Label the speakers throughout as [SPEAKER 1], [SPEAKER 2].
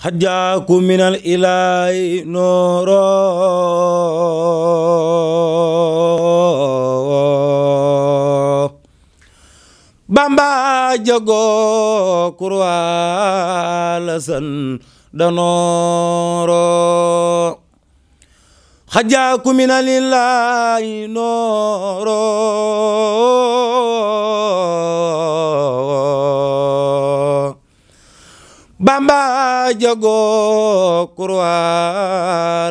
[SPEAKER 1] xajjaaku minal ilaahi nooroo bamba jagoo kurwa la san danooroo minal ilaahi nooroo bamba jagoo kurwa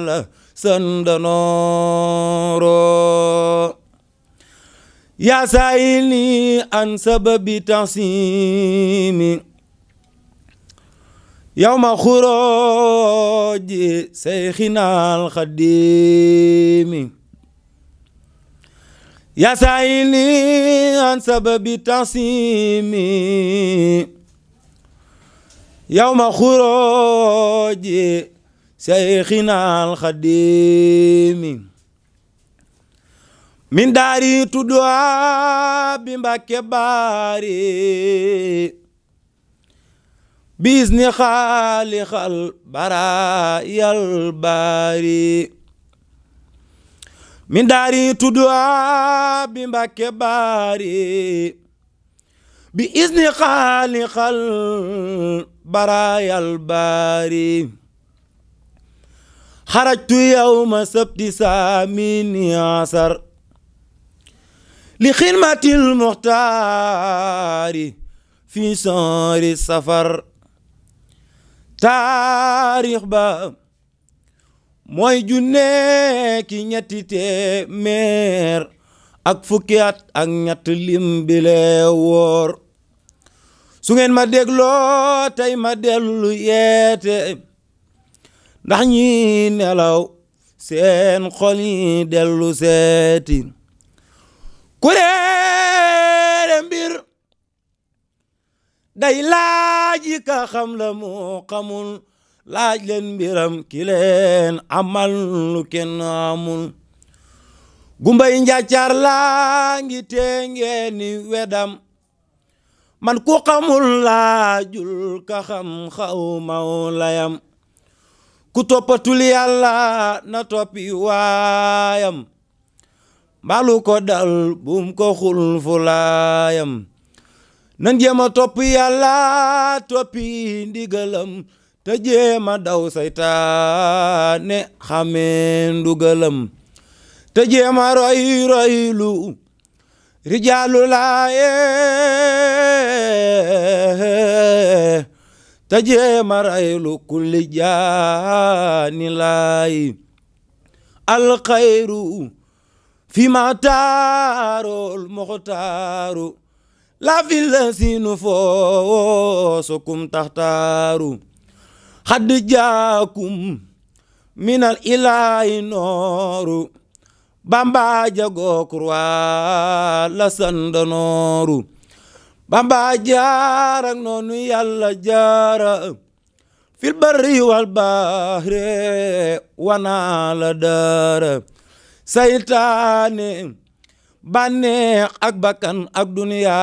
[SPEAKER 1] la sandanooro yaa saayili an sababi tansimi yawma xurooji seyxinaal xadimi yaa saayili an sababi tansimi yawma xuruuji seyxina alxadimi min daari tudduwa bi Mbàkke baari biis ni xaalixal bara yal baari min daari tudduwa bi Mbàkke baari bi isni xaaliqal baraayal baari xarajtu yawma sabti saamini asar li xidmatil muxtaari fi soori safar taarix ba mooy junne ki ñetti téeméer ak fukki ak ñett lim bi woor su ngeen ma dégloo tey ma dellu yeete ndax ñi nelaw seen xol yi dellu seeti kuréere mbir day laaj ka xam la moo xamul laaj leen mbiram ki amal lu amul gumbay njàccaar la ngi teengee ni wedam man ku xamul laajul ka xam xaw maw layam ku toppatul yàlla na toppi wayam mbaalu ko dal bum ko xul fu laayam nan jéema topp yàlla toppi ndigalam te jéema daw saytaane xamee ndugalam te jéema roy roylu rijaalu laaye te jéema roylu kulli jaani laay alxayru fi ma taarul muxtaaru la fi la sinu foo sukum taxtaaru xadd jaakum minal nooru bamba jagoo kurwa la sandanooru bamba jaarak noonu yàlla jaara fil barri bahre wana la dara saytaane bànneex ak bakkan ak duniya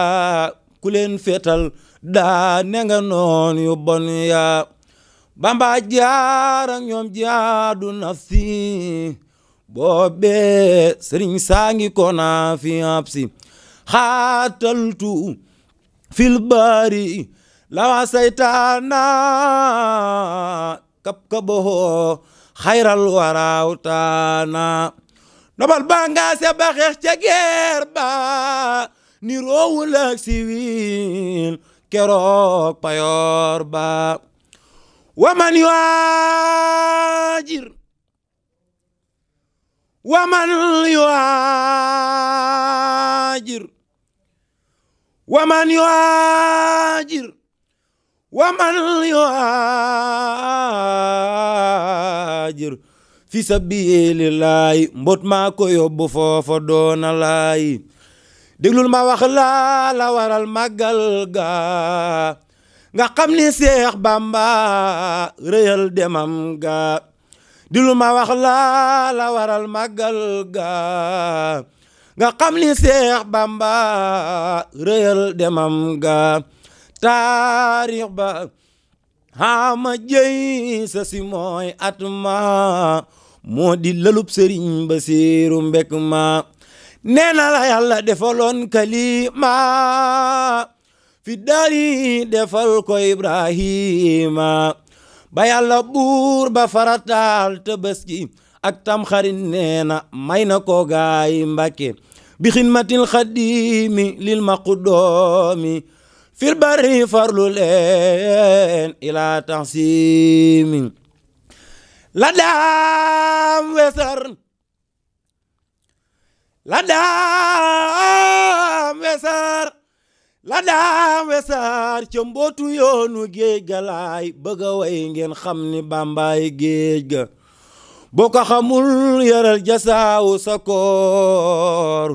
[SPEAKER 1] ku leen féetal daa ne nga yu bon bamba jaarak ñoom jaadu nafsi boobee sëriñ saa ngi kona fi absi xaataltu fil baari lawa saytaana kap kaboho xayral warawtaana nobal banga se baxeex ca geer ba ni roowul ak siwil keroog payoor ba waman yuajir waman yuhaajir waman yuhaajir waman yuhaajir fi sabilillahi mbot maa ko foofa doona laay déglul ma wax laa la waral màggal ga nga xam ni Seex Bamba rëyal demam ga di ma wax laa la waral màggal ga nga xam ni seex bamba rëyal demam ga taarix ba xama jëy sa si at ma moo di lëlub sëriñ ba siiru mbek ma nee na la yàlla defaloon kalima fi daari defal ko ibrahima ba yàlla buur ba farataal tabaski ak tamxarit nee na may na ko gaay mbàkke bi xidmatil xadimi lil maqdoomi fil bari farlu leen ila taxsimi la daam wesar la daa wesaar mbootu yoonu géej ga laay bëgg a xam ni bàmbaay géej ga boo xamul yaral jasaawu sa koor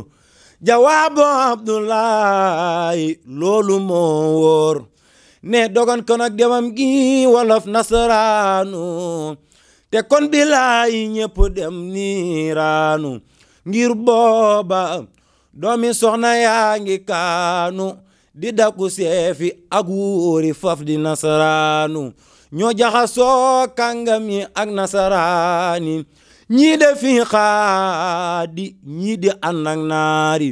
[SPEAKER 1] jawaabu abdullahi loolu moo wóor ne dogan ko demam gi wolof nasaraanu te kon bilaay ñépp dem niiraanu ngir booba doomi soxna yaa ngi kaanu di dakku seefi ak wuuri faf di nasaraanu ñoo jaxasoo kàngam yi ak nasaraani ñii de fi xaadi ñii di ànd naari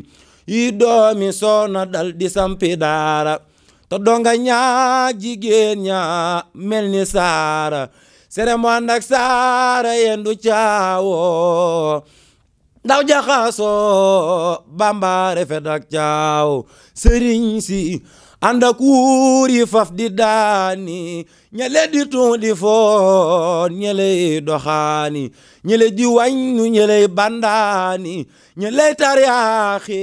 [SPEAKER 1] yi doomi soona dal di sampi daara to donga ñaa jigéen ñaa mel ni saara sere mo ànd ak saara yendu caawoo ndaw jaxaso bamba refet ak caaw sëriñ si ànd ak yi faf di daani ñele di tuun di foon ñeley doxaani ñele di wàññu ñeley bandaani ñeley tariyaaxi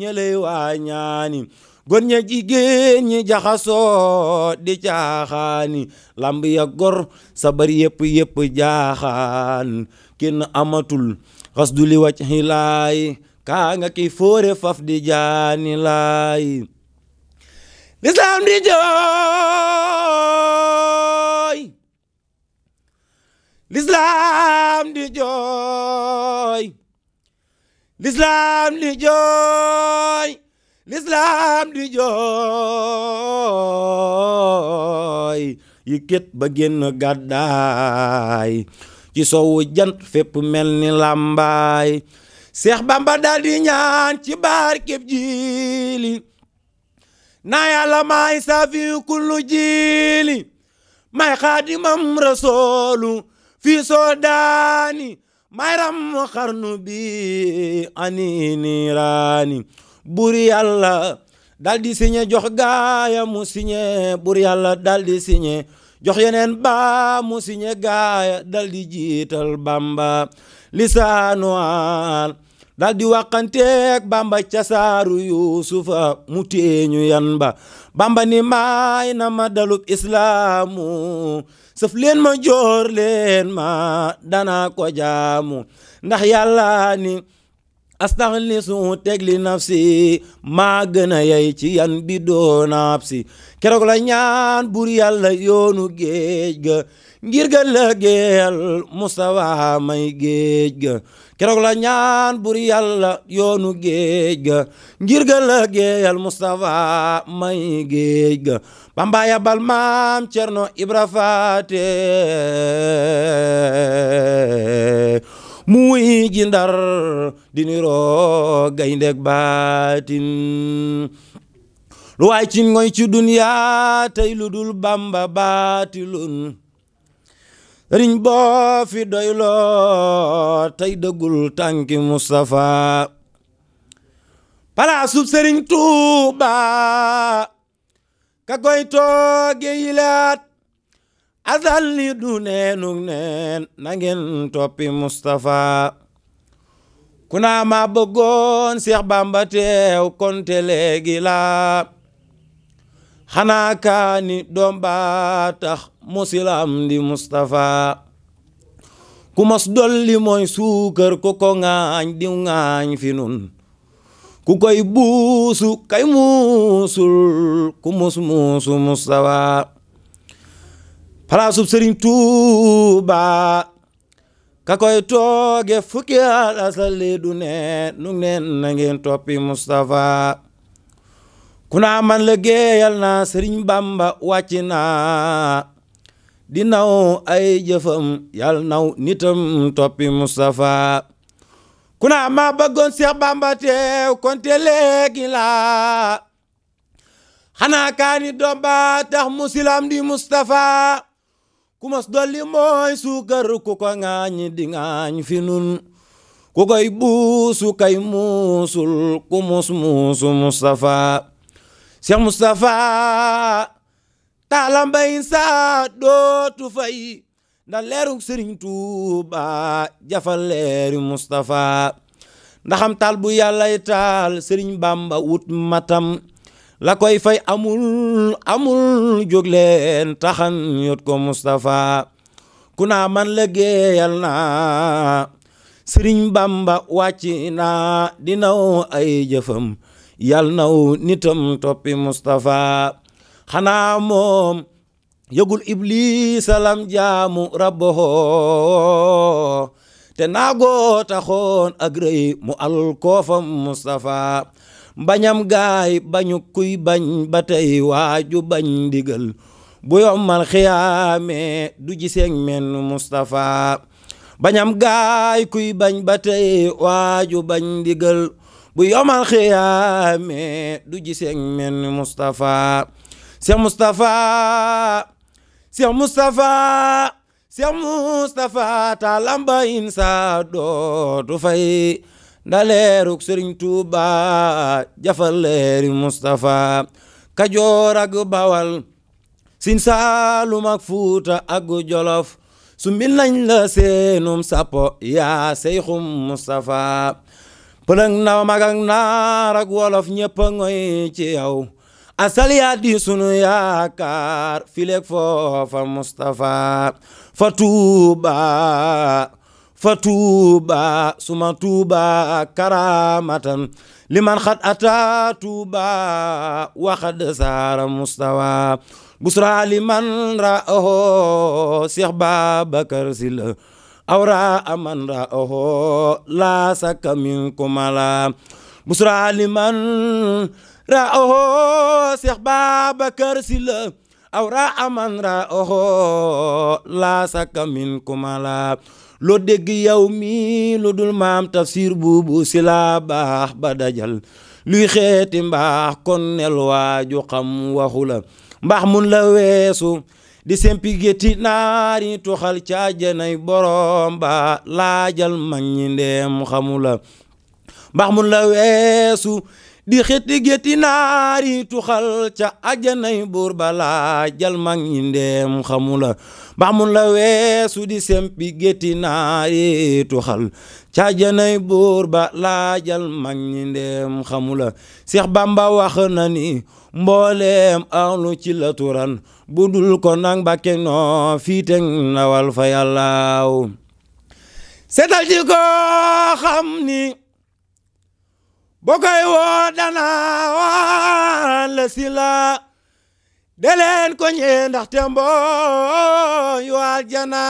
[SPEAKER 1] ñeley waañaani gon ña jigéen ñi jaxasoo di caaxaani lamb ya gor sabar yëpp yëpp jaaxaan kenn amatul xasduli wajhi li kaanga ki foore fafdi jaani laay lislaam di jooy lislaam di jooy lislaam di jooy lislaam di jooy yi ket ba génn gàddaay ci sowu jant fépp mel ni làmbaay seex bamba daal di ñaan ci barkeb jiili naa yàlla maay saafi kullu jiili may xaadimam rasoolu fii soo daani may ram xarnu bi ani niiraani bur yàlla dal di signé jox gaaya mu signé bur yàlla dal di signé jox yeneen baa mu siñe gaaya dal di jiital bamba lisaanu al dal di waxanteeg bamba ca saaru yuusufa mu teeñu yan ba bamba ni maay na ma dalub islaamu sëf ma joor leen ma dana ko ndax yàlla astaxlisu teg li nafsi maa gën a yey ci yan bi doo nafsi keroog la ñaan bur yàlla yoonu géej ga ngir gën la géeyal mustawa may géej ga keroog la ñaan bur yàlla yoonu géej ga ngir gën la géeyal mustawa may géej ga bamba ya bal maam cerno ibra faate muy ji ndar di niroo gayndeeg baatin lu waay ci ngoy ci duniyaa tey lu dul bamba boo fi doyloo tey dëggul tànki Mustafa palaasub Sëriñ Tuuba ka koy tooge yilaat asal li du neenug neen nangeen toppi Mustapha ku naa ma bëggoon Seex Bamba teew konte léegi laa xanaa kaani doom baa tax musilam di Mustapha ku mos dolli mooy suukar ko ko ŋaañ di ŋaañ fi nun ku koy buusu kay muusul ku mus Mustapha palaasub sëriñ Tuuba ka tooge fukki al asali du ne nu neen na toppi Moustapha ku naa man la géeyal naa sëriñ Bamba wàcc naa di naw ay jëfam yal naw nitam toppi Moustapha ku naa ma bëggoon Seex Bamba teew konte léegi laa xanaa kaani doom ba tax musilam di Moustapha ku mos dolli mooy suukar ku ko ŋaañ di ŋaañ fi nun ku koy buusu kay muusul ku mus muusu Moustapha Cheikh Moustapha taala mbay saa dootu fay ndax leerug Sëriñ Tuuba jafal leeri Moustapha ndaxam taal bu yàllay taal Sëriñ Bamba wut matam la koy fay amul amul jóg leen taxan yot ko Moustapha ku na man liggéeyal naa Sëriñ Bamba wàcc na di naw ay jëfam yal naw nitam toppi Moustapha xanaa moom yëgul iblis alam jaamu rabbaho te naagoo taxoon ak rëy mu alkoofam Moustapha bañam gaay bañu kuy bañ ba waaju bañ ndigal bu yommal xiyaame du giseeg men Moustapha bañam gaay kuy bañ ba waaju bañ ndigal bu yomal xiyaame du giseeg men Moustapha Cheikh Moustapha Cheikh Moustapha Cheikh insa dootu fay nda leeruk sëriñ Tuuba jafal leeri Mustafa Kajoor ak Bawal Siin Saalum ak Fuuta ak Jolof su mbil nañ la seenum sappo yaa seyxum Mustafa pëlëng na mag naar ak wolof ñëpp a ngoy ci yow asal yaa di sunu yaakaar fileeg foofa Mustafa fa Tuuba fa tuuba suma tuuba karamatan liman xad ata tuuba waxad saara mustawa busra liman ra'aho Cheikh Babacar Sylla awra aman ra'aho la saka min kumala busra liman ra'aho Cheikh Babacar Sylla awra aman ra'aho la saka min kumala loo dégg yow mi lu dul maam tafsir buubu si laa baax ba dajal luy xeeti mbaax kon nel waaju xam waxu la mbaax mun la weesu di sempi gétti naari tuxal caajanay borom ba laajal mag ñi ndeem xamu la mbaax mun la weesu di xiti géti naari tuxal ca ajanay buur bala jal mag ñi ndeem xamula ba mun la weesu di sempi géti naari tuxal ca ajanay buur bala jal mag ñi ndeem xamula Seex Bamba wax na ni mbooleem ahlu ci la turan bu dul ko nang bakke noo fii teg nawal fa yàllaaw seetal ko xam ni bokoy woo dana waan la sila deleen ko ñee ndaxte mbooy waa jana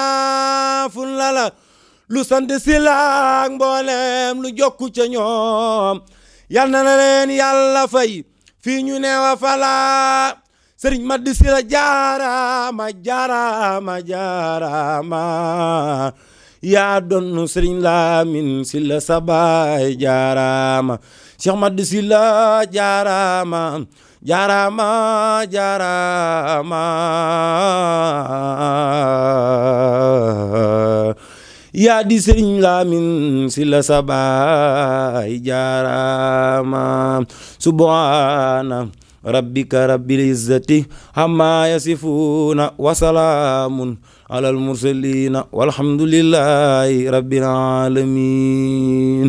[SPEAKER 1] lu sant sila mboolem lu jokku ca ñoom yal na leen yàlla fay fii ñu ne wa fala sëriñ ma di sila jaarama jaarama jaarama yaa donnu sëriñ Lamin Sila sa baay Cheikh Mat Sylla jaaraama jaaraama jaaraama yaa di Sëriñ Lamin Sylla sa baay jaaraama subhaana rabbika rabbil izzati amma yasifuuna wa salaamun alal mursaliina walhamdulillahi rabbil aalamiin